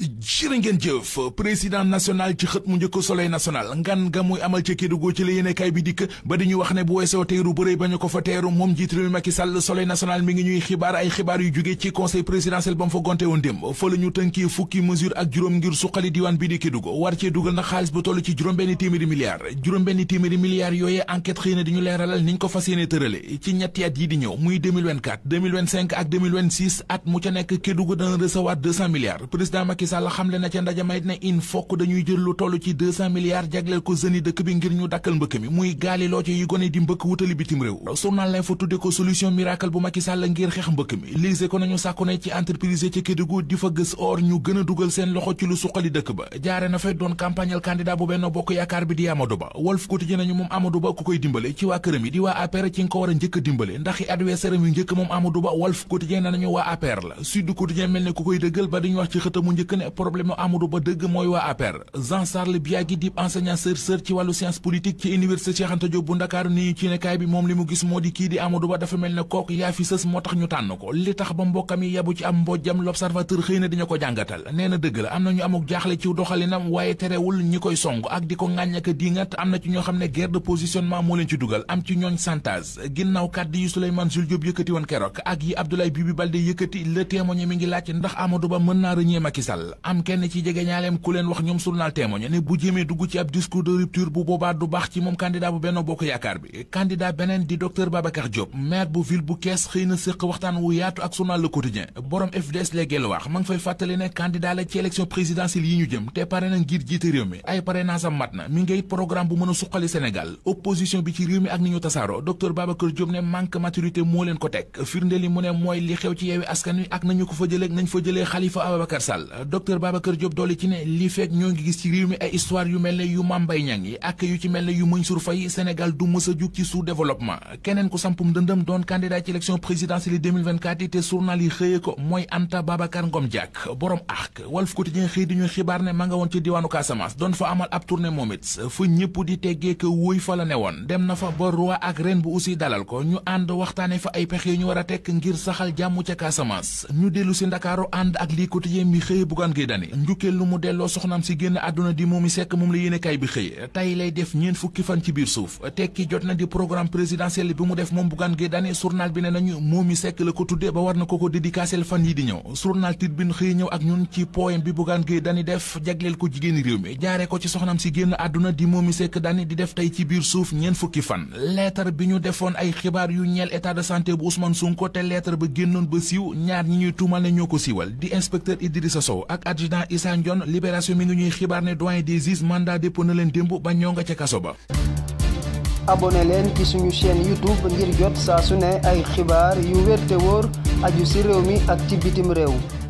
jërë ngeen jëf président national ci xët mu njëkk soleil national ngan nga muy amal ca Kédougou ci la yéenekaay bi dikk ba di ñu wax ne bu weesoo teeru bërëy ba ñu ko fa teeru moom njiit réew mi Macky Sall soleil national mi ngi ñuy xibaar ay xibaar yu jóge ci conseil présidentiel ba mu fa gonte woon démb fa la tënkee fukki mesure ak juróom ngir suqali diwaan bi di Kédougou war cee dugal na xaalis bu toll ci juróom benn téeméeri milliards juróom benn Macky xamle na ca ndaje may ne in fokk dañuy jël lu toll ci milliards jagleel ko jeunes dëkk bi ngir ñu dakkal mbëkk mi muy gaali loo gone di mbëkk wutali bitim réew journal lañ tudde ko solution miracle bu Macky Sall ngir xeex mbëkk mi lise ko nañu sàkku ne ci entreprise ci Kédougou di fa gës or ñu gën dugal seen loxo ci lu suqali dëkk ba jaare na fay doon campagnal candidat bu benn bokk yaakaar bi di Amadou Ba Walf Quotidien nañu moom Amadou moom tënk ne problème Amadou Ba dëgg mooy waa APR Jean Charles Biagui dib enseignant chercheur ci wàllu science politique ci université Cheikh bu Ndakaaru ni ñu ci nekkaay bi moom li mu gis moo di kii di Amadou Ba dafa mel ne kook yaa moo tax ñu tànn ko li tax ba mbokkam yi yabu ci am mbojjam l'observateur xëy na dina ko jàngatal nee dëgg la am na ñu amuk jaaxle ci doxalinam waaye terewul ñi koy song ak di ko ŋàññ ak diingat am na ci ñoo xam ne guerre dal am kenn ci jege ñaaleem ku leen wax ñoom journal Témoin ne bu jëmee dugg ci ab discours de rupture bu boobaa du baax ci moom candidat bu Benno Bokk Yaakaar bi candidat beneen di docteur Babacar Diop maire bu bu Kees xëy na séq waxtaan wu yaatu ak journal Le Quotidien borom FDS léegi la ma ngi fay fàttali ne candidat la ci élection présidentielle yi ñu jëm te pare na ngir jiite réew mi ay parrainage am mat na mi ngay programme bu mën bi ci réew mi ak ni ñu docteur Babacar Diop dolli ci ne li fekk ñoo ngi gis ci réew mi ay histoire yu mel ne yu Mame Mbaye ak yu ci mel ne yu Mansour Faye Sénégal du mës a jug ci sous-développement keneen ku sampum dëndëm doon candidat ci élection présidentielle 2024 te journal yi xëyee ko mooy Anta Babacar Ngom Diack borom arc Walf Quotidien xëy di ñu xibaar ne ma nga woon ci diwaanu Casamance doon fa amal ab tournée moom it fa ñëpp di teggee ko wóoy fa la ne woon dem na a tekk ngir Bougane Gueye Dany njukkeel lu mu delloo soxnaam si génn àdduna di Momy Seck moom la yéenekaay bi xëy tey lay def ñeen fukki fan ci biir suuf tekki jot na di programme présidentiel bi mu def moom Bougane Gueye Dany journal bi ne nañu Momy Seck la ko tuddee ba war na ko ko dédicacel fan yi di ñëw journal tit xëy ñëw ak ñun ci poème bi Bougane Gueye Dany def jagleel ko jigéeni réew mi jaaree ko ci soxnaam si génn àdduna di Momy Seck Dany di def tey ci biir ak adjudant Issa Ndione libération mi ngi ñuy xibaar ne doyen des juges mandat dépôt na leen démb ba ñoo nga ca kaso ba abonné leen ci suñu chaîne youtube ngir jot saa su ne ay xibaar yu wér te wóor aju ci réew mi ak ci bitim réew